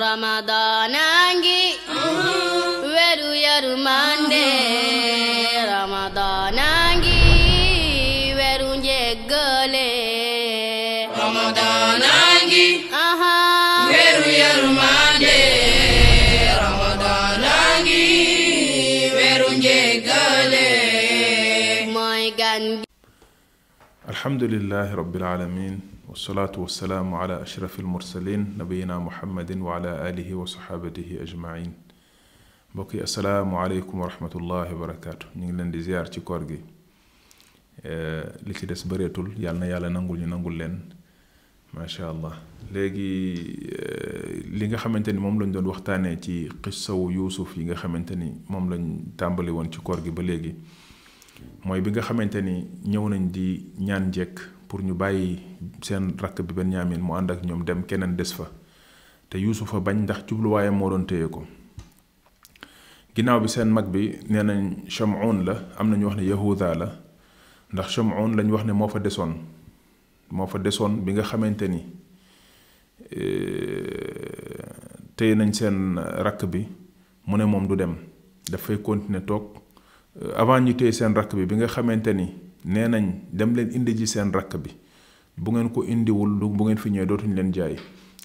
Ramadan a ngi weeru yërmande Ramadan a ngi weeru njéggale Ramadan a ngi weeru yërmande Ramadan a ngi weeru njéggale mooy gan gi alhamdulillahi rabbil alamin والصلاة والسلام على أشرف المرسلين نبينا محمد وعلى آله وصحابته أجمعين بقي السلام عليكم ورحمة الله وبركاته نجلن دي زيارة كورغي آه، لكي دس بريتول يالنا يالا ننقل ننقل لن ما شاء الله لغي آه، لغا خمنتني مملن دون أنا تي قصة يوسف لغا خمنتني مملن تامبلي وان تي كورغي بلغي موي بغا خمنتني نيونا دي نيان جيك pour ñu bàyyi seen rakk bi Benyamin mu ànd ak ñoom dem keneen des fa te fa bañ ndax jubluwaayam moo doon téye ko ginnaaw bi seen mag bi nee nañ Chamoun la am na ñu wax ne Yahuda la ndax Chamoun lañ wax ne moo fa desoon moo fa desoon bi nga xamante ni e, téye nañ seen rakk bi mu ne moom du dem dafay continuer toog avant ñu téye seen rakk bi bi nga xamante ni nee nañ dem leen indi ji seen rakk bi bu ngeen ko indiwul du bu ngeen fi ñëwee dootuñu leen jaay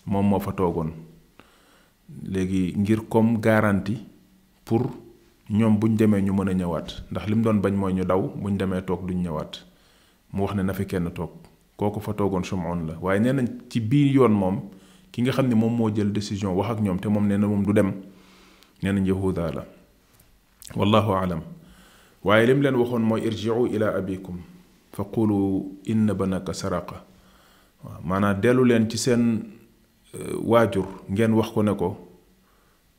moom moo fa toogoon léegi ngir comme garanti pour ñoom buñ demee ñu mën a ñëwaat ndax li mu doon bañ mooy ñu daw buñ demee toog duñ ñëwaat mu wax ne na fi kenn toog kooku fa toogoon sumoon la waaye nee nañ ci biir yoon moom ki nga xam ne moom moo jël décision wax ak ñoom te moom nee na moom du dem nee nañ yahuda la wallahu alam waaye lim leen waxoon mooy irjiu ila abikum fa qulu inna naka saraqa waaw maanaa dellu leen ci seen euh, waajur ngeen wax ko ne ko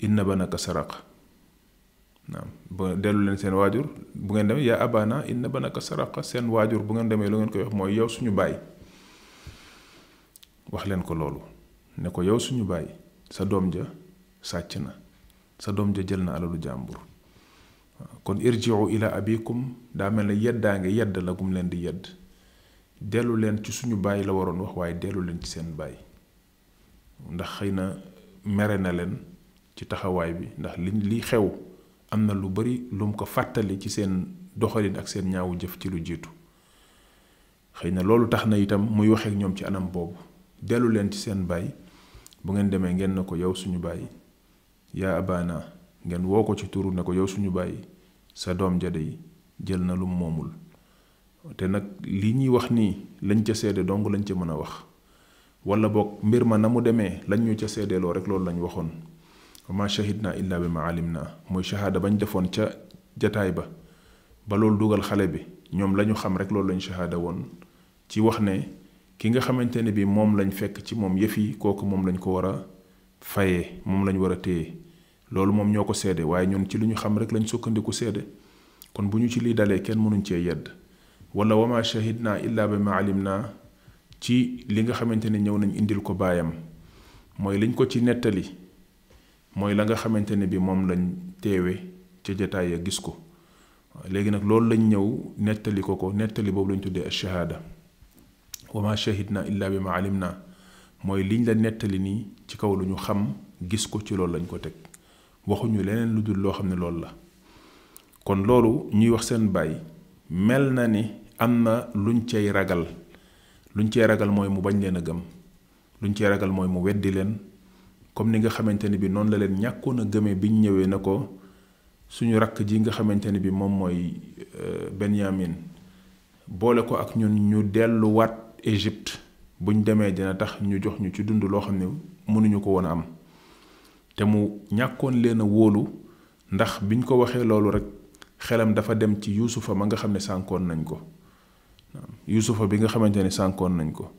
inna banaka saraqa naam ba dellu leen seen waajur bu ngeen demee yaa abana inna banaka saraqa seen waajur bu ngeen demee lu ngeen koy wax mooy yow suñu baay wax leen ko loolu ne ko yow suñu baay sa doom ja sàcc na sa doom ja jël na alalu jàmbur kon irjiu ila abikum daa mel ne yeddaange yedd la gum leen di yedd dellu leen ci suñu baay la waroon wax waaye dellu leen ci seen baay ndax xëy na mere na leen ci taxawaay bi ndax li li xew am na lu bari lum ko fàttali ci seen doxalin ak seen ñaawu jëf ci lu jiitu xëy na loolu tax na itam muy waxee ñoom ci anam boobu dellu leen ci seen baay bu ngeen demee ngeen na ko yow suñu baay yaa abaana ngeen woo ko ci turu na ko yow suñu bàyyi sa doom jade yi jël na lu moomul te nag li ñuy wax nii lañ ca seede dong lañ ca mën a wax wala boog mbir ma na mu demee lañ ñu ca seedeeloo rek loolu lañu waxoon ma shahid naa illaa bi ma alim naa mooy shahaada bañ defoon ca jataay ba ba loolu dugal xale bi ñoom lañu xam rek loolu lañu shahaada woon ci wax ne ki nga xamante ne bi moom lañ fekk ci moom yëf yi kooku moom lañ ko war a fayee moom lañu war a téye loolu moom ñoo ko seede waaye ñoom ci li ñu xam rek lañ sukkandiku seede kon bu ñu ci lii dalee kenn mënuñ cee yedd wala wama shahidna illa bi ma naa ci li nga xamante ne ñëw nañ indil ko baayam mooy liñ ko ci nettali mooy la nga xamante ne bi moom lañ teewe ca jataay gis ko léegi nag loolu lañ ñëw nettali ko ko nettali boobu lañ tuddee ash-shahaada wama shahidna illa naa mooy liñ la nettali nii ci kaw lu ñu xam gis ko ci loolu lañ ko teg waxuñu leneen lu dul loo xam ne loolu la kon loolu ñuy wax seen baay mel na ni am na luñ cay ragal luñ cay ragal mooy mu bañ leen a gëm luñ cay ragal mooy mu weddi leen comme ni nga xamante ne bi noonu la leen ñàkkoon a gëmee biñ ñëwee na ko suñu rakk ji nga xamante ne bi moom mooy euh, Benyamin boole ko ak ñun ñu delluwaat Égypte buñ demee dina tax ñu jox ñu ci dund loo xam ne mënuñu ko woon a am te mu ñàkkoon leen a wóolu ndax biñ ko waxee loolu rek xelam dafa dem ci yuusufa ma nga xam ne sànkoon nañ ko yuusufa bi nga xamante ne sànkoon nañ ko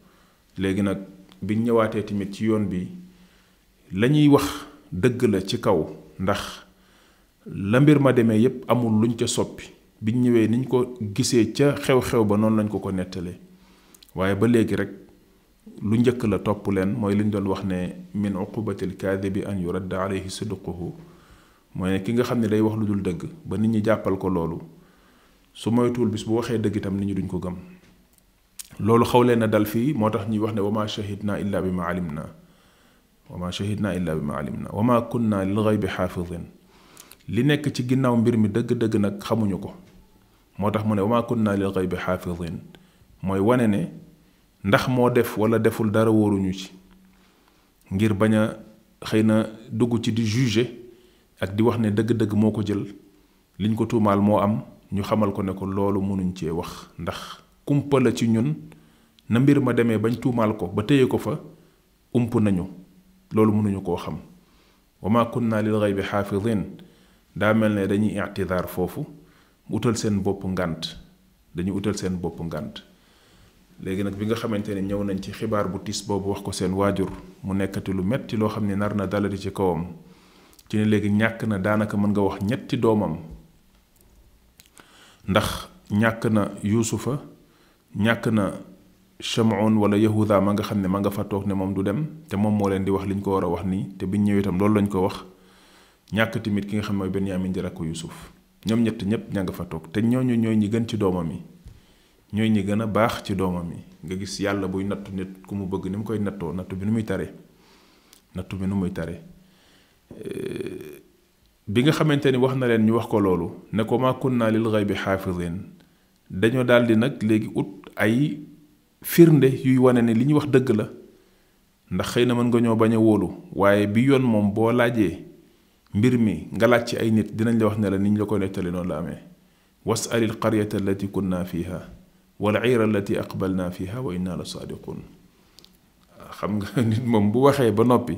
léegi nag biñ ñëwaatee tamit ci yoon bi lañuy wax dëgg la ci kaw ndax la mbir ma demee yépp amul luñ ca soppi biñ ñëwee niñ ko gisee ca xew-xew ba noonu lañ ko ko nettalee waaye ba léegi rek lu njëkk la topp leen mooy liñ doon wax ne min uqubatil kaadibi an yuradda alayhi sidquhu mooy ne ki nga xam ne day wax lu dul dëgg ba nit ñi jàppal ko loolu su moytuwul bis bu waxee dëgg itam nit ñi duñ ko gëm loolu xaw na dal fii moo tax ñuy wax ne wama shahidna illa bi ma alimna wama shahidna illa bi ma alimna wama kunna lil ghaybi xaafidin li nekk ci ginnaaw mbir mi dëgg-dëgg nag xamuñu ko moo tax mu ne wama kunna lil ghaybi xaafidin mooy wane ne ndax moo def walla deful dara wóoruñu ci ngir bañ a xëy na dugg ci di juger ak di wax ne dëgg-dëgg moo ko jël liñ ko tuumaal moo am ñu xamal ko ne ko loolu mënuñ cee wax ndax kumpa la ci ñun na mbir ma demee bañ tuumaal ko ba téye ko fa ump nañu loolu mënuñu koo xam wa ma kunna lil ghaybi xaafidin daa mel ne dañuy itidaar foofu utal seen bopp ngant dañuy utal seen bopp ngant léegi nag bi nga xamante ne ñëw nañ ci xibaar bu tiis boobu wax ko seen waajur mu nekkati lu metti loo xam ne nar na dalati ci kawam ci ne léegi ñàkk na daanaka mën nga wax ñetti doomam ndax ñàkk na yuusufa ñàkk na chamoon wala yahuda ma nga xam ne ma nga fa toog ne moom du dem te moom moo leen di wax liñ ko war a wax nii te biñ ñëw itam loolu lañ ko wax ñàkk tamit ki nga xam ne mooy benyamin di rakk yusuf ñoom ñett ñépp ña nga fa toog te ñooñu ñooy ñi gën ci doomam yi ñooy ñi gën a baax ci doomam yi nga gis yàlla buy nattu nit ku mu bëgg ni mu koy nattoo nattu bi nu muy tare nattu bi nu muy tare bi nga xamante ni wax na leen ñu wax ko loolu ne ko ma kunna lil ghaybi xaafizin dañoo daldi nag léegi ut ay firnde yuy wane ne li ñu wax dëgg la ndax xëy na mën nga ñoo bañ a wóolu waaye bi yoon moom boo laajee mbir mi nga laaj ci ay nit dinañ la wax ne ni ñu la ko nettali noonu la amee was'alil qaryata allati kunna fiha wal ayra allati aqbalna fiha wa inna la saadiqun xam nga moom bu waxee ba noppi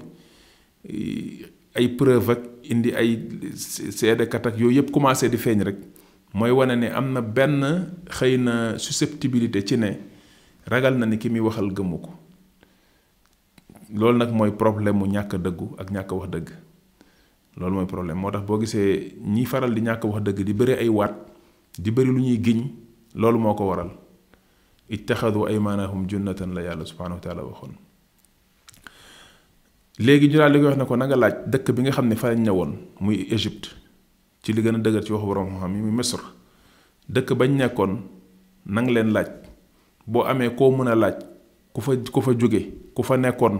ay preuve ak indi ay seedekat ak yooyu yëpp commencé di feeñ rek mooy wane ne am na benn xëy na susceptibilité ci ne ragal na ni ki muy waxal gëmu ko loolu nag mooy problème mu ñàkk dëggu ak ñàkk wax dëgg loolu mooy problème moo tax boo gisee ñi faral di ñàkk wax dëgg di bëri ay waat di bëri lu ñuy giñ loolu moo ko waral it ay aymaanahum junnatan la yàlla subhaanahu wa taala waxoon léegi ñu daal di koy wax ne ko na nga laaj dëkk bi nga xam ne fa lañ ne woon muy Égypte ci li gën a dëgër ci waxu borom xam-xam yi muy Misr dëkk bañ nekkoon nanga leen laaj boo amee koo mën a laaj ku fa ku fa jóge ku fa nekkoon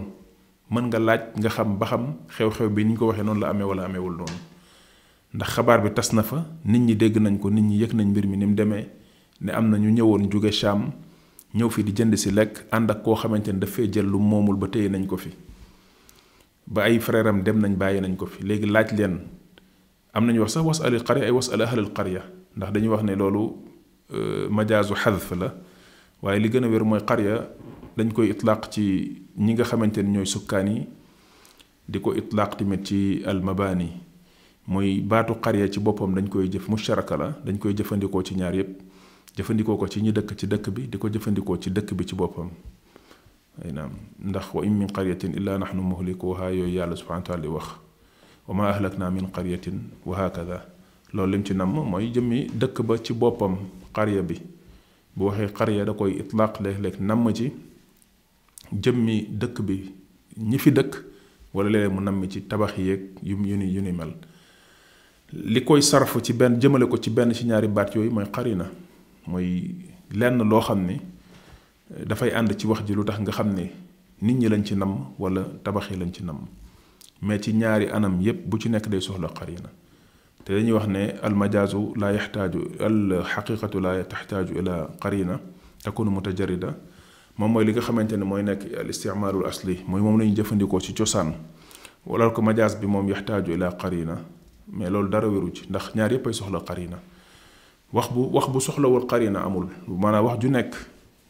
mën nga laaj nga xam ba xam xew-xew bi ni ñu ko waxee noonu la amee wala ameewul noonu ndax xabaar bi tas na fa nit ñi dégg nañ ko nit ñi yëg nañ mbir mi ni mu demee ne am na ñu ñëwoon jóge Sham ñëw fi di jënd si lekk ànd ak koo xamante ni dafay jël lu moomul ba téye nañ ko fi ba ay frère am dem nañ bàyyi nañ ko fi léegi laaj leen am nañu wax sax was al qarya ay was al ahlil qarya ndax dañuy wax ne loolu majaasu xadf la waaye li gën a wér mooy qarya dañ koy itlaq ci ñi nga xamante ni ñooy sukkaan yi di ko itlaq tamit ci al mabaani mooy baatu qarya ci boppam dañ koy jëf musharaka la dañ koy jëfandikoo ci ñaar yépp jëfandikoo ko ci ñi dëkk ci dëkk bi di ko jëfandikoo ci dëkk bi ci boppam ay naam ndax wa in min qaryatin illa nahnu muhlikuha yooyu yàlla subhanahu wa taala di wax wa ma ahlakna min qaryatin wa hakada loolu lim ci namm mooy jëmmi dëkk ba ci boppam qarya bi bu waxee qarya da koy itlaq léeg-léeg namm ci jëmmi dëkk bi ñi fi dëkk wala léeg mu namm ci tabax yeeg yu yu ni yu ni mel li koy sarfu ci benn jëmale ko ci benn ci ñaari baat yooyu mooy qarina moy lenn lo xamni da fay ànd ci wax ji lutax nga xamni nit ñi lañ ci nam wala tabaxé lañ ci nam mais ci ñaari anam yépp bu ci nekk day soxla qarina te dañuy wax ne al majazu la yahtaju al haqiqatu la tahtaju ila qarina takunu mutajarrida mom moy li nga xamante ne mooy nekk al isticmaalul asli moy mom lañu jëfëndiko ci ciosan wala ko majaz bi mom yahtaju ila qarina mais loolu dara wéru ci ndax ñaar yépp ay soxla qarina wax bu wax bu soxlawul qarina amul maanaa wax ju nekk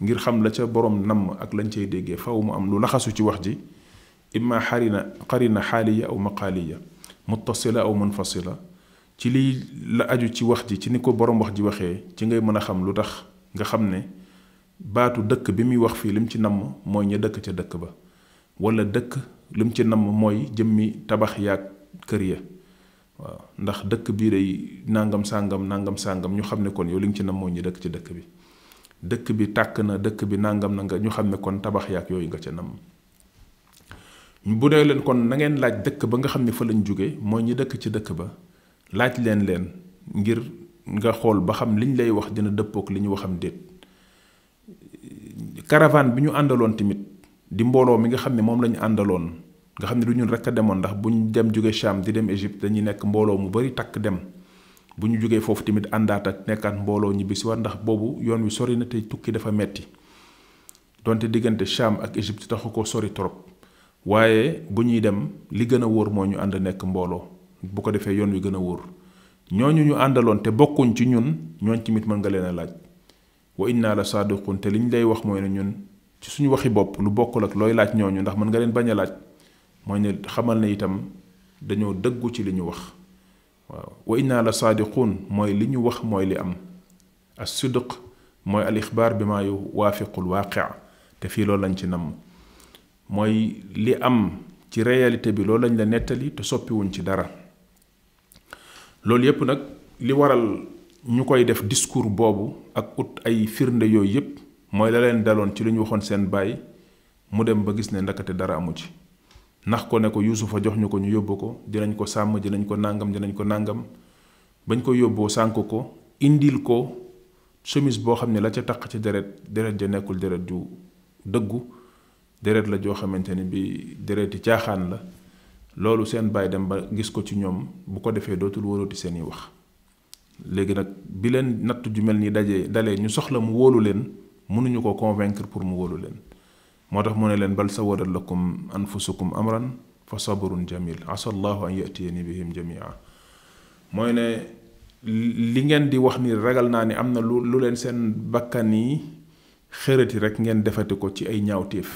ngir xam la ca borom namm ak lañ cay déggee faw mu am lu laxasu ci wax ji imma xarina qarina xaaliya aw maqaaliya muttasila aw munfasila ci lii la aju ci wax ji ci ni ko borom wax ji waxee ci ngay mën a xam lu tax nga xam ne baatu dëkk bi muy wax fii lim ci namm mooy ña dëkk ca dëkk ba wala dëkk lim ci namm mooy jëmmi tabax yaag kër ya waaw ndax dëkk bii day nangam sàngam nangam sàngam ñu xam ne kon yow li nga ci namoo ñi dëkk ci dëkk bi dëkk bi tàkk na dëkk bi nangam na nga ñu xam ne kon tabax yaak yooyu nga ca nam bu dee leen kon na ngeen laaj dëkk ba nga xam ne fa lañ jóge mooy ñu dëkk ci dëkk ba laaj leen leen ngir nga xool ba xam liñ lay wax dina dëppook li ñu waxam déet caravane bi ñu àndaloon tamit di mbooloo mi nga xam ne moom lañu àndaloon nga xam ne du ñun rek a demoon ndax bu ñu dem jóge Cham di dem Égypte dañuy nekk mbooloo mu bari takk dem bu ñu jógee foofu tamit àndaat ak nekkaat mbooloo ñibbisiwaat ndax boobu yoon wi sori na te tukki dafa metti donte diggante Cham ak Égypte taxu ko sori trop waaye bu ñuy dem li gën a wóor moo ñu ànd nekk mbooloo bu ko defee yoon wi gën a wóor ñooñu ñu àndaloon te bokkuñ ci ñun ñooñ tamit mën nga leen a laaj wa inna la saadiqun te liñ lay wax mooy ne ñun ci suñu waxi bopp lu bokkul ak looy laaj ñooñu ndax mën leen bañ a laaj mooy ne xamal na itam dañoo dëggu ci li ñu wax waaw wa inna la saadiquun mooy li ñu wax mooy li am as sidq mooy al ixbaar bi maa yu waafiqul waaqia te fii loolu lañ ci namm mooy li am ci réalité bi loolu lañ la nettali te soppiwuñ ci dara loolu yépp nag li waral ñu koy def discours boobu ak ut ay firnde yooyu yépp mooy la leen daloon ci lu ñu waxoon seen baay mu dem ba gis ne ndakate dara amu ci ndax ko ne ko yuusufa jox ñu ko ñu yóbbu ko dinañ ko sàmm dinañ ko nàngam dinañ ko nàngam bañ ko yóbboo sànk ko indil ko chemise boo xam ne la ca taq ci deret deret ja nekkul deret ju dëggu deret la joo xamante ne bi dereti caaxaan la loolu seen baay dem ba gis ko ci ñoom bu ko defee dootul wóolooti seen i wax léegi nag bi leen nattu ju mel ni dajee dalee ñu soxla mu wóolu leen mënuñu ko convaincre pour mu wóolu leen moo tax mu ne leen bal sawalat lakum anfusukum amran fa sabrun jamil asa allahu bi yatiyani bihim jamia mooy ne li ngeen di wax ni ragal naa ni am na lu lu leen seen bakkan yi xërati rek ngeen defati ko ci ay ñaawteef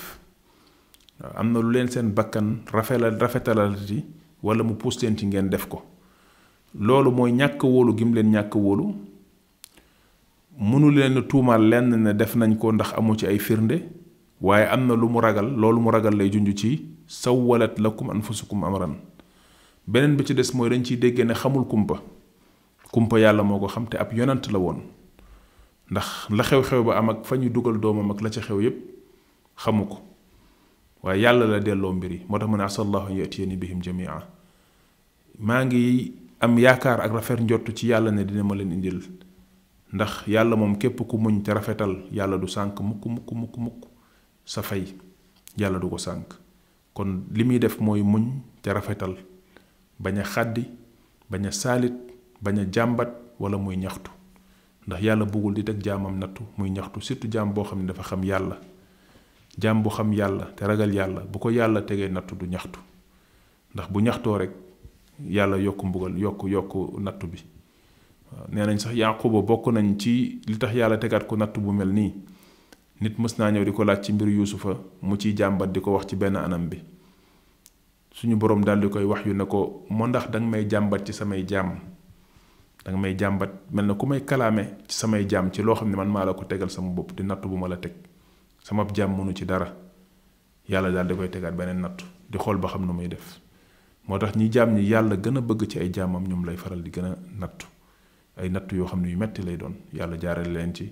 am na lu leen seen bakkan rafetal rafetalalati wala mu puus leen ci ngeen def ko loolu mooy ñàkk wóolu gim leen ñàkk wóolu mënu leen tuumaal lenn ne def nañ ko ndax amu ci ay firnde waaye am na lu mu ragal loolu mu ragal lay junj ci sawwalat lakum anfusukum amran beneen bi ci des mooy dañ ci déggee ne xamul kumpa kumpa yàlla moo ko xam te ab yonant la woon ndax la xew-xew ba am ak fa ñu dugal doomam ak la ca xew yépp xamu ko waaye yàlla la delloo mbir yi moo tax mu ne asallahu an yatiyani bihim jamia maa ngi am yaakaar ak rafet njott ci yàlla ne dina ma leen indil ndax yàlla moom képp ku muñ te rafetal yàlla du sànk mukk mukk mukk mukk sa fay yàlla du ko sànk kon li muy def mooy muñ te rafetal bañ a xàddi bañ a saalit bañ a jàmbat wala muy ñaxtu ndax yàlla bugul di teg jaamam nattu muy ñaxtu surtout jaam boo xam ne dafa xam yàlla jaam bu xam yàlla te ragal yàlla bu ko yàlla tegee nattu du ñaxtu ndax bu ñaxtoo rek yàlla yokk mbugal yokk yokk nattu bi nee nañ sax yaquba bokk nañ ci li tax yàlla tegaat ko nattu bu mel nii nit mës naa ñëw di ko laaj ci mbiru yuusufa mu ciy jàmbat di ko wax ci benn anam bi suñu boroom daal di koy wax yu ne ko moo ndax danga may jàmbat ci samay jàmm danga may jàmbat mel na ku may kalaame ci samay jàmm ci loo xam ne man maa la ko tegal sama bopp di nattu bu ma la teg sama jàmm mënu ci dara yàlla daal di koy tegaat beneen nattu di xool ba xam nu muy def moo tax ñi jàmm ñi yàlla gën a bëgg ci ay jaamam ñoom lay faral di gën a nattu ay nattu yoo xam ne yu metti lay doon yàlla jaarale leen ci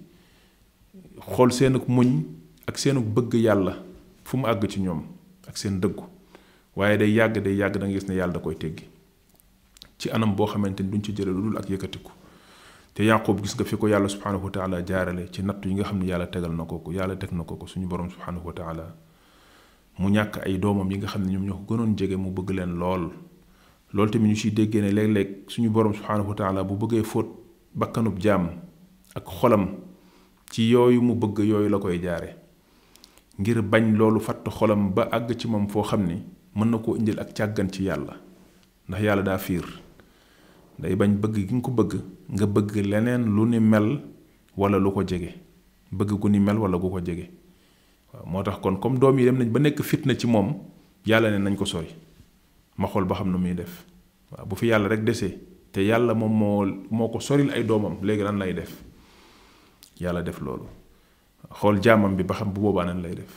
xool seen seenuk muñ ak seenuk bëgg yàlla fu mu àgg ci ñoom ak seen dëggu waaye day yàgg day yàgg da gis ne yàlla da koy teggi ci anam boo xamante ni duñ ci jële lu dul ak yëkkatiku te yaqub gis nga fi ko yàlla subhanahu wa jaarale ci nattu yi nga xam ne yàlla tegal na ko ko yàlla teg na ko ko suñu borom subhanahu wa taala mu ñàkk ay doomam yi nga xam ne ñoom ñoo gënoon jege mu bëgg leen lool loolu tamit ñu siy déggee ne léeg-léeg suñu borom subhanahu wa taala bu bëggee fóot bakkanub jaam ak xolam ci yooyu mu bëgg yooyu la koy jaare ngir bañ loolu fatt xolam ba àgg ci moom foo xam ni mën na koo indil ak càggan ci yàlla ndax yàlla daa fiir day bañ bëgg gi nga ko bëgg nga bëgg leneen lu ni mel wala lu ko jege bëgg gu ni mel wala gu ko jege waaw moo tax kon comme doom yi dem nañ ba nekk fitna ci moom yàlla ne nañ ko sori ma xool ba xam na muy def waaw bu fi yàlla rek desee te yàlla moom moo moo ko soril ay doomam léegi lan lay def yàlla def loolu xool jaamam bi ba xam bu boobaa nan lay def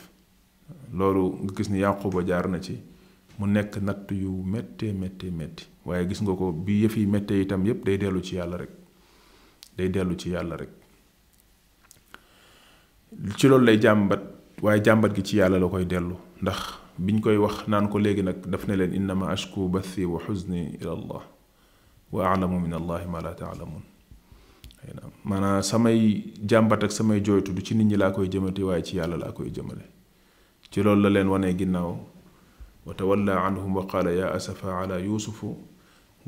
loolu nga gis ni yàquba jaar na ci mu nekk natt yu méttee méttee metti waaye gis nga ko bi yëf yi itam yépp day dellu ci yàlla rek day dellu ci yàlla rek ci loolu lay jàmbat waaye jàmbat gi ci yàlla la koy dellu ndax biñ koy wax naan ko léegi nag daf ne leen innama ashku bathi wa xuzni ila allah wa alamu min allahi ma la taalamun maanaam samay jàmbat ak samay jooytu du ci nit ñi laa koy jëmati waaye ci yàlla laa koy jëmale ci loolu la leen wanee ginnaaw wa tawalla anhum wa qaala ya asafa ala yusufu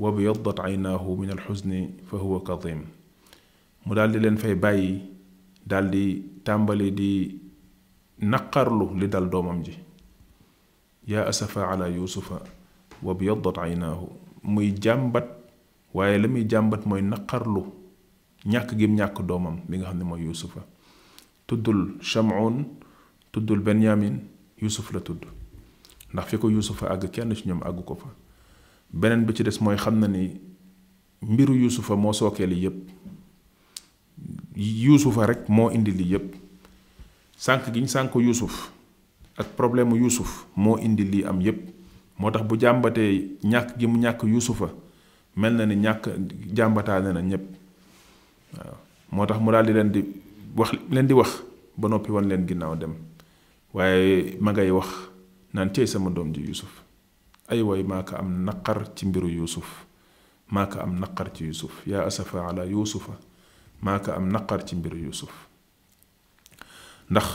wa biyaddat aynaahu min alxusni fa huwa kadim mu daal di leen fay bàyyi daal di tàmbali di naqarlu li dal doomam ji ya asafa ala yusufa wa biyaddat aynaahu muy jàmbat waaye la muy jàmbat mooy naqarlu ñàkk gim ñàkk doomam bi nga xam ne mooy yuusufa tuddul shamoon tuddul benyamin yuusuf la tudd ndax fi ko yuusufa àgg kenn ci ñoom àggu ko fa beneen bi ci des mooy xam na ni mbiru yuusufa moo sookee li yépp yuusufa rek moo indi li yépp sànq gi ñu sànq yuusuf ak problème yuusuf moo indi lii am yépp moo tax bu jàmbatee ñàkk gi mu ñàkk yuusufa mel na ni ñàkk jàmbataane na ñépp waaw moo tax mu daal di leen di wax leen di wax ba noppi wan leen ginnaaw dem waaye ma ngay wax naan cey sama doom ji Yuusuf ay way maa ko am naqar ci mbiru Yuusuf maa ko am naqar ci Yuusuf yaa asafa ala Yuusufa am naqar ci mbiru Yuusuf ndax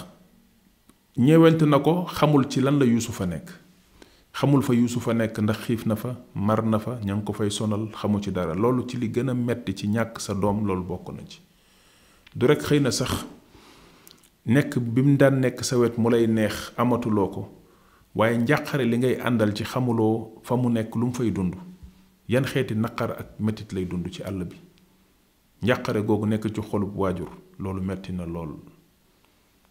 ñeewent na ko xamul ci lan la Yuusufa nekk xamul fa yusufa nek ndax xif na fa mar na fa ñang ko fay sonal xamu ci dara lolu ci li gëna metti ci ñak sa dom lolu bokku na ci du rek xeyna sax nek bim daan nek sa wet mu lay neex amatu loko waye njàqare li ngay àndal ci xamulo fa mu nek lu mu fay dund yan xeeti naqar ak metit lay dund ci àll bi njàqare gogu nek ci xolub wajur lolu metti na lol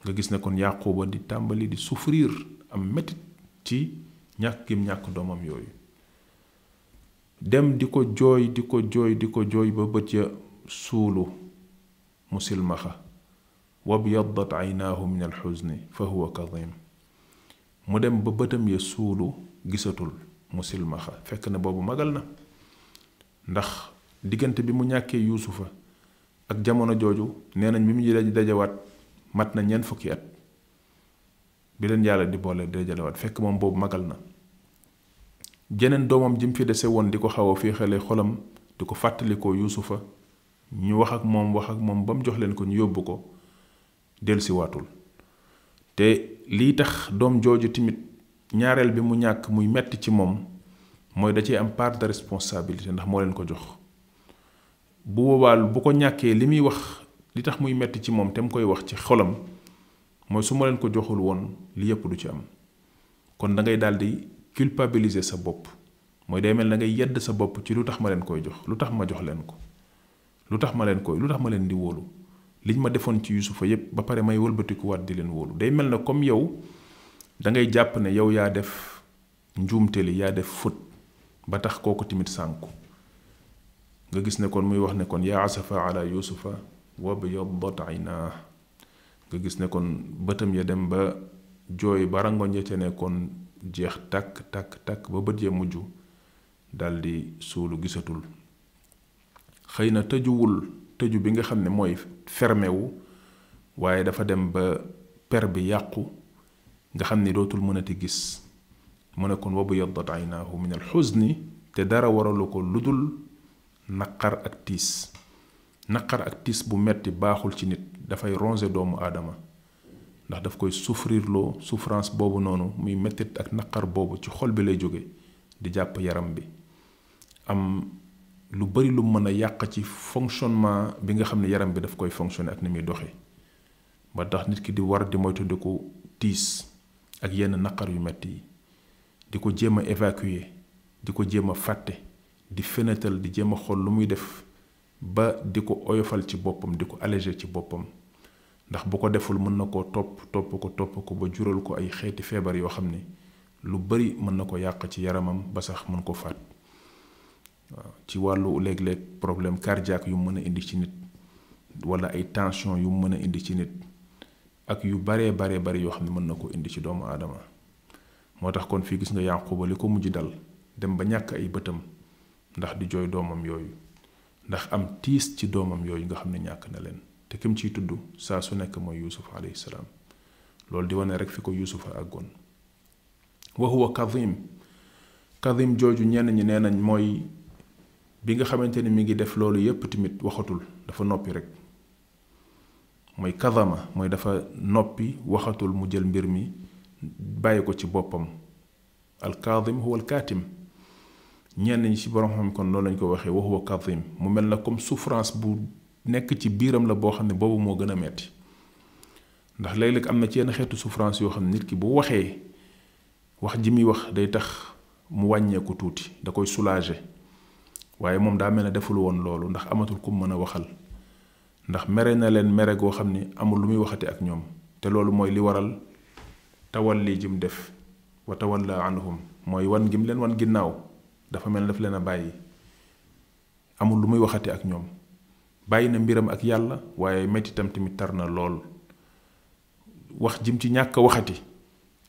nga gis ne kon yaquba di tàmbali di souffrir am metit ci ñàkk gim ñàkk domam yooyu dem di ko jooy di ko jooy di ko jooy ba bët ya suulu mu silmaxa wabyaddat aynaahu min alxuzni fa huwa kadim mu dem ba bëtam ya suulu gisatul mu silmaxa fekk na boobu magal na ndax diggante bi mu ñàkkee yuusufa ak jamono jooju nee nañ bi mu dajawaat mat na ñeent fukki at bi leen yàlla di boole day jëlewaat fekk moom boobu magal na jeneen doomam ji mu fi dese woon di ko xaw a féexale xolam di ko fàttalikoo yuusufa ñu wax ak moom wax ak moom ba mu jox leen ko ñu yóbbu ko dellusiwaatul te lii tax doom jooju tamit ñaareel bi mu ñàkk muy metti ci moom mooy da cee am part de responsabilité ndax moo leen ko jox bu boobaal bu ko ñàkkee li muy wax li tax muy metti ci moom te mu koy wax ci xolam mooy su ma leen ko joxul woon li yëpp du ci am kon da ngay daal di culpabiliser sa bopp mooy day mel na ngay yedd sa bopp ci lu tax ma leen koy jox lu tax ma jox leen ko lu tax ma leen koy lu tax ma leen di wóolu liñ ma defoon ci yusufa yépp ba pare may wëlbatikuwaat di leen wóolu day mel na comme yow da ngay jàpp ne yow yaa def njuumte li yaa def fët ba tax kooku timit sànku nga gis ne kon muy wax ne kon yaa asafa ala yusufa wabyaddat aynaa nga gis ne kon bëtam ya dem ba jooy ba rangoñ ya ca nekkoon jeex tàkk tàkk tàkk ba bët ya mujj daldi suulu gisatul xëy na tëjuwul tëju bi nga xam ne mooy fermé wu waaye dafa dem ba per bi yàqu nga xam ni dootul mënati gis mu ne kon wabu yaddat aynaahu min alxuzni te dara waralu ko lu dul naqar ak tiis naqar ak tiis bu metti baaxul ci nit dafay ronger doomu aadama ndax daf koy souffrir loo souffrance boobu noonu muy mettit ak naqar boobu ci xol bi lay jóge di jàpp yaram bi am lu bari lu mën a yàq ci fonctionnement bi nga xam ne yaram bi daf koy fonctionner ak ni muy doxe ba tax nit ki di war di ko tiis ak yenn naqar yu metti yi di ko jéem a évacuer di ko jéem a fàtte di fenetal di jéem a xool lu muy def ba di ko oyofal ci boppam di ko alléger ci boppam ndax bu ko deful mën na koo topp topp ko topp ko ba jural ko ay xeeti feebar yoo xam ne lu bari mën na ko yàq ci yaramam ba sax mën ko faat waaw ci wàllu léeg-léeg problème cardiaque yu mën a indi ci nit wala ay tension yu mën a indi ci nit ak yu baree baree bari yoo xam ne mën na ko indi ci doomu aadama moo tax kon fii gis nga Yaquba li ko mujj dal dem ba ñàkk ay bëtam ndax di jooy doomam yooyu ndax am tiis ci doomam yooyu nga xam ne ñàkk na leen te kim ciy tudd saa su nekk mooy yusuf alayhi salaam loolu di wane rek fi ko yusufa àggoon wa huwa kadim kadim jooju ñenn ñi nee nañ mooy bi nga xamante ni mi ngi def loolu yépp timit waxatul dafa noppi rek mooy kadama mooy dafa noppi waxatul mu jël mbir mi bàyyi ko ci boppam al kadim huwa al katim ñenn ñi ci borom xam kon noonu lañ ko waxee waxuwa kazim mu mel na comme souffrance bu nekk ci biiram la boo xam ne boobu moo gën a metti ndax léeg-léeg am na ci yenn xeetu souffrance yoo xam nit ki bu waxee wax ji muy wax day tax mu wàññeeku tuuti da koy soulager waaye moom daa mel ne deful woon loolu ndax amatul ku mën a waxal ndax mere na leen mere goo xam ne amul lu muy waxati ak ñoom te loolu mooy li waral tawalli jim def wa tawalla anhum mooy wan gim leen wan ginnaaw dafa mel ne daf leen a bàyyi amul lu muy waxati ak ñoom bàyyi na mbiram ak yàlla waaye mettitam tamit tar na lool wax jim ci ñàkk waxati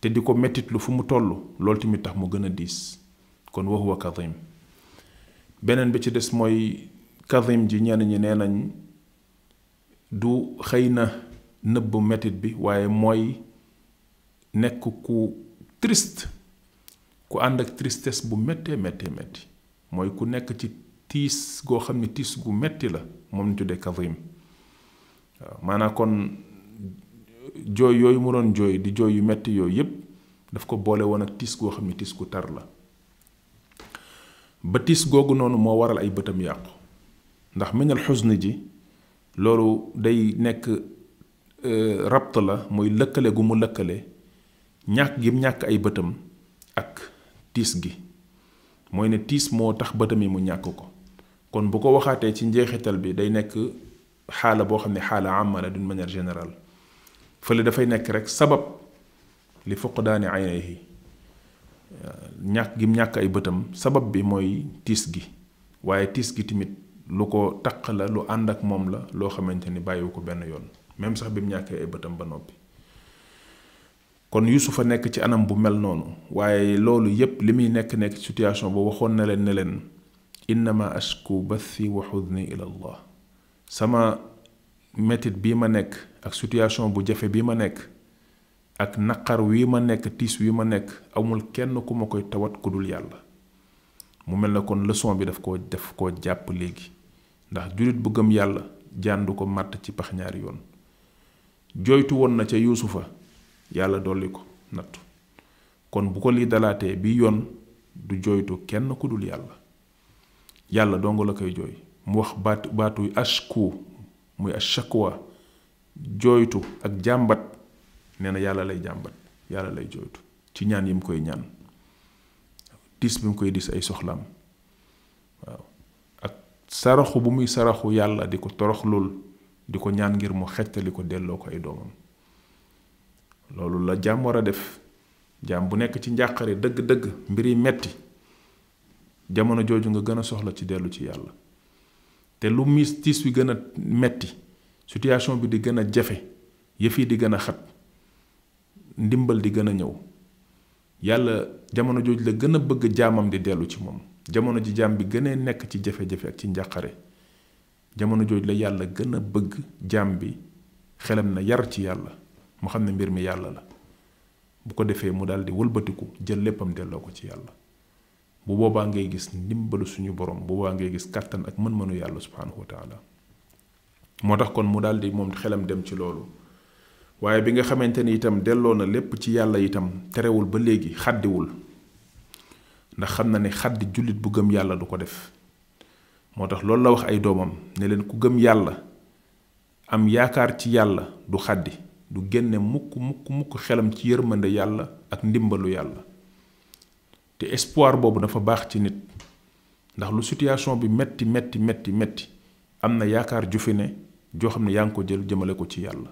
te di ko mettitlu fu mu toll loolu tamit tax mu gën a diis kon wa huwa beneen bi ci des mooy kadim ji ñenn ñi nee nañ du xëy na nëbb mettit bi waaye mooy nekk ku triste ku ànd ak tristesse bu méttee méttee métti mooy ku nekk ci tiis goo xam ne tiis gu metti la moom ñu tuddee kavim waaw maanaam kon jooy yooyu mu doon jooy di jooy yu metti yooyu yépp daf ko boole woon ak tiis goo xam ne tiis gu tar la ba tiis googu noonu moo waral ay bëtam yàqu ndax meñal xusni ji loolu day nekk e, rabt la muy lëkkale gu mu lëkkale ñàkk gi ñàkk ay bëtam ak tiis gi mooy ne tiis moo tax bëtam yi mu ñàkk ko kon bu ko waxaatee ci njeexital bi day nekk xaala boo xam ne xaala amma la d'une manière générale fële dafay nekk rek sabab li fuqdaani aynayhi euh, ñàkk gi mu ñàkk ay bëtam sabab bi mooy tiis gi waaye tiis gi tamit lu ko taq la lu ànd ak moom la loo xamante ni bàyyiwu ko benn yoon même sax bi mu ñàkkee ay bëtam ba noppi kon yusufa nekk ci anam bu mel noonu waaye loolu yépp li muy nekk nekk situation ba waxoon na leen ne leen innama ashku bathi wa xudni ila allah sama metit bi ma nekk ak situation bu jafe bi ma nekk ak naqar wi ma nekk tiis wi ma nekk amul kenn ku ma koy tawat ku dul yàlla mu mel na kon leçon bi daf koo daf koo jàpp léegi ndax julit bu gëm yàlla jàndu ko màtt ci pax ñaari yoon joytu woon na ca yuusufa yàlla dolli ko nattu kon bu ko lii dalaatee bi yoon du jooytu kenn ku dul yàlla yàlla dong la koy jooy mu wax baat baatuy ashku muy ashakwa jooytu ak jàmbat nee na yàlla lay jàmbat yàlla lay jooytu ci ñaan yi mu koy ñaan diis bi mu koy diis ay soxlaam waaw ak saraxu bu muy saraxu yàlla di ko toroxlul di ko ñaan ngir mu xettali ko delloo ko ay doomam loolu la jaam war a def jaam bu nekk ci njàqare dëgg-dëgg mbir yi metti jamono jooju nga gën a soxla ci dellu ci yàlla te lu mis tiis wi gën a metti situation bi di gën a jafe yëf yi di gën a xat ndimbal di gën a ñëw yàlla jamono jooju la gën a bëgg jaamam di dellu ci moom jamono ji jaam bi gënee nekk ci jafe-jafe ak ci njàqare jamono jooju la yàlla gën a bëgg jaam bi xelam na yar ci yàlla mu xam ne mbir mi yàlla la bu ko defee mu daal di wëlbatiku jël léppam delloo ko ci yàlla bu boobaa ngay gis ndimbalu suñu borom bu boobaa ngay gis kàttan ak mën-mënu yàlla subhaanahu wa taala moo tax kon mu daldi moom xelam dem ci loolu waaye bi nga xamante ni itam delloo na lépp ci yàlla itam terewul ba léegi xàddiwul ndax xam na ne xàddi jullit bu gëm yàlla du ko def moo tax loolu la wax ay doomam ne leen ku gëm yàlla am yaakaar ci yàlla du xàddi lu génne mukk mukk mukk xelam ci yërmande yàlla ak ndimbalu yàlla te espoir boobu dafa baax ci nit ndax lu situation bi metti metti metti metti am na yaakaar ju fi joo xam ne yaa ngi ko jël jëmale ko ci yàlla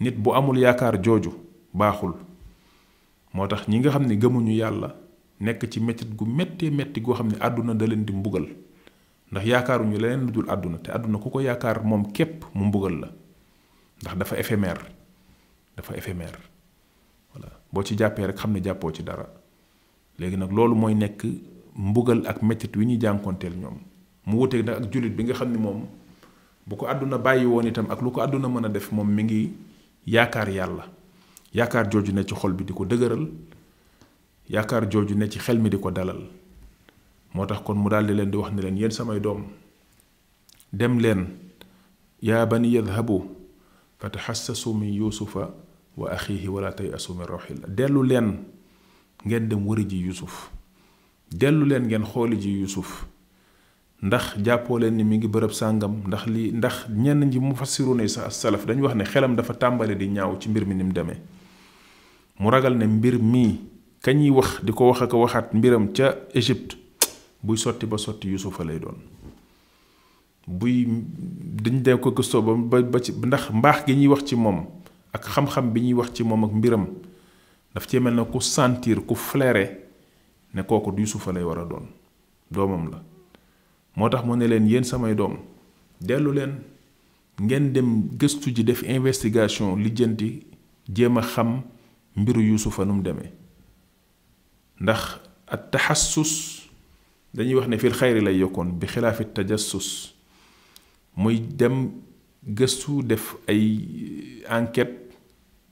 nit bu amul yaakaar jooju baaxul moo tax ñi nga xam ne gëmuñu yàlla nekk ci mettit gu metti metti goo xam ne àdduna da leen di mbugal ndax yaakaaruñu leneen lu dul àdduna te àdduna ku ko yaakaar moom képp mu mbugal la ndax dafa éphémère dafa éphémère voilà boo ci jàppee rek xam ne jàppoo ci dara léegi nag loolu mooy nekk mbugal ak mettit wi ñuy jànkoonteel ñoom mu wuteeg nag ak jullit bi nga xam ni moom bu ko àdduna bàyyi woon itam ak lu ko àdduna mën a def moom mi ngi yaakaar yàlla yaakaar jooju ne ci xol bi di ko dëgëral yaakaar jooju ne ci xel mi di ko dalal moo tax kon mu daldi leen di wax na leen yéen samay doom dem leen yaa bani yadhabu fa taxassasu min yuusufa waa axiihi wala tay asu min roxil dellu leen ngeen dem wëri ji yusuf dellu leen ngeen xooli ji yusuf ndax jàppoo leen ni mi ngi bërëb sàngam ndax lii ndax ñenn ñi mu fassiru ne sa salaf dañu wax ne xelam dafa tàmbali di ñaaw ci mbir mi ni mu demee mu ragal ne mbir mii kañuy wax di ko wax ak waxaat mbiram ca Égypte buy sotti ba sotti yusufa lay doon buy dañ de ko gëstoo ba ba ci ndax mbaax gi ñuy wax ci moom ak xam-xam bi ñuy wax ci moom ak mbiram daf ci mel ne ku sentir ku flere ne kooku du yusufa lay war a doon doomam la moo tax mu ne leen yéen samay doom dellu leen ngeen dem gëstu ji def investigation lijjanti jéem a xam mbiru yusufa nu deme ndax at tahassus dañuy wax ne fil xayri lay yokkoon bi xilaafi tajassus muy dem gëstu def ay enquête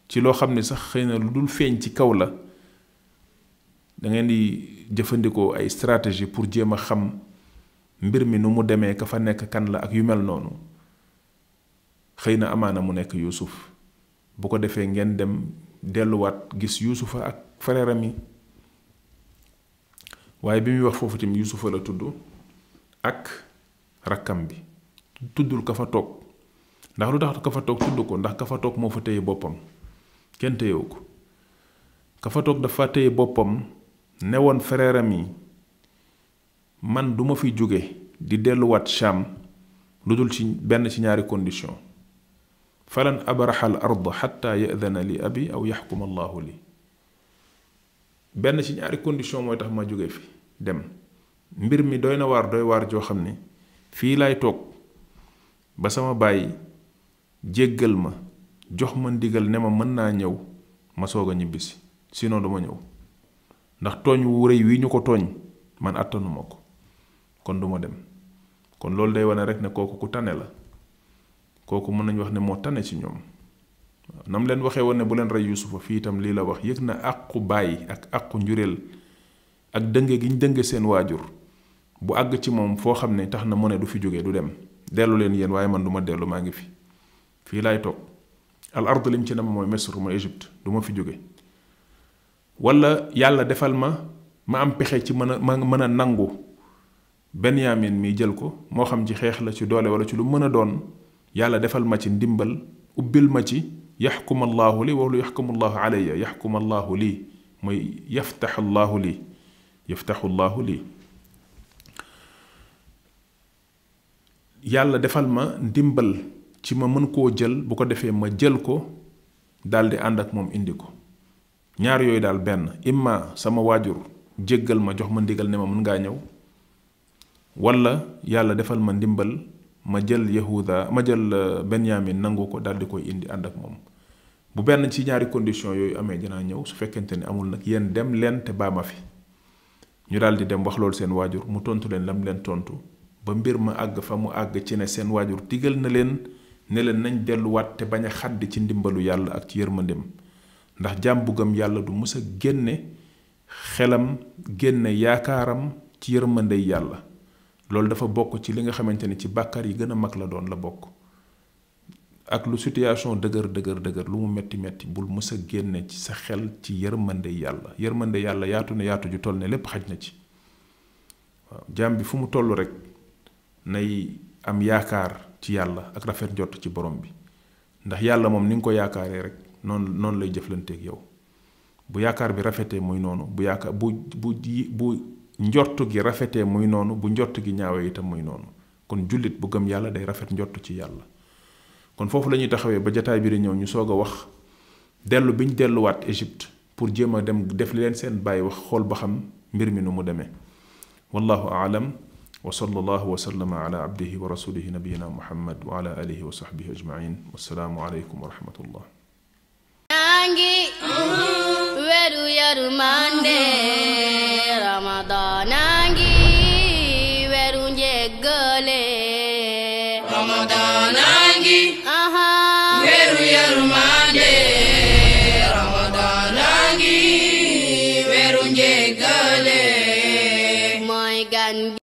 ci lo xamne sax xeyna luddul feñ ci kaw la da ngeen di jëfëndiko ay stratégie pour jema xam mbir mi nu mu démé ka fa nek kan la ak yu mel nonu xeyna amana mu nek yusuf bu ko defé ngeen dem wat gis yusuf ak frère mi waaye bi mi wax fofu tim yusuf la tuddu ak rakam bi tuddul ka fa tok ndax lu tax ka fa toog tudd ko ndax ka fa toog moo fa téye boppam kenn téyewu ko ka fa toog dafa téye boppam ne woon frèram yi man duma fi jóge di delluwaat cham lu dul ci benn ci ñaari condition falan abraxa al ard xatta yadana li abi aw yaxkum allahu li benn ci ñaari condition mooy tax ma jóge fi dem mbir mi doy na waar doy waar joo xam ne fii laay toog ba sama bàyyi jéggal ma jox man digal ne ma mën naa ñëw ma soog a ñibbisi sinon duma ñëw ndax tooñ wu rëy wi ñu ko tooñ man àttanuma ko kon duma dem kon loolu day wane rek ne kooku ku tane la kooku mën nañu wax ne moo tane ci ñoom nam leen waxee woon ne bu leen rey yusufa fii itam lii la wax yëg na àqu bàyyi ak àqu njureel ak dënge giñ ñu dënge seen waajur bu àgg ci moom foo xam ne tax na mu ne du fi jóge du dem dellu leen yéen waaye man duma dellu maa ngi fi fii laay toog al ard lim ci nam mooy mesr mooy égypte du ma fi jóge wala yàlla defal ma ma am pexe ci mën a ma mën a nangu benyamin mi jël ko moo xam ci xeex la ci doole wala ci lu mën a doon yàlla defal ma ci ndimbal ubbil ma ci yaxkum allahu li wala yaxkum allahu alayya yaxkum allahu lii mooy yaftaxu allahu lii yaftaxu allahu lii yàlla defal ma ndimbal ci ma mën koo jël bu ko defee ma jël ko daldi ànd ak moom indi ko ñaar yooyu daal benn imma sama waajur jéggal ma jox ma ndigal ne ma mën ngaa ñëw walla yàlla defal ma ndimbal ma jël yahuda ma jël euh, benyamin nangu ko daldi koy indi ànd ak moom bu benn ci ñaari condition yooyu amee dinaa ñëw su fekkente ni amul nag yéen dem leen te baa ma fi ñu daldi dem wax loolu seen waajur mu tontu leen lam leen tontu ba mbir ma àgg fa mu àgg ci ne seen waajur digal na leen ne leen nañ delluwaat te bañ a xàdd ci ndimbalu yàlla ak ci yërmandeem ndax jaam bu yàlla du mës a génne xelam génne yaakaaram ci yërmandey yàlla loolu dafa bokk ci li nga xamante ne ci bàkkaar yi gën a mag la doon la bokk ak lu situation dëgër dëgër dëgër lu mu metti metti bul mës a génne ci sa xel ci yërmandey yàlla yërmande yàlla yaatu ne yaatu ju toll ne lépp xaj na ci waaw jaam bi fu mu toll rek nay am yaakaar ci yàlla ak rafet njort ci borom bi ndax yàlla moom ni nga ko yaakaaree rek noonu noonu lay jëflanteeg yow bu yaakaar bi rafetee muy noonu bu yaakaar bu bu bu njort gi rafetee muy noonu bu njort gi ñaawee itam muy noonu kon jullit bu gëm yàlla day rafet njort ci yàlla kon foofu lañuy taxawee ba jataay bi di ñëw ñu soog a wax dellu bi ñu delluwaat Égypte pour jéem a dem def li leen seen bàyyi wax xool ba xam mbir mi nu mu demee wallahu aalam وصلى الله وسلم على عبده ورسوله نبينا محمد وعلى آله وصحبه أجمعين والسلام عليكم ورحمة الله رمضان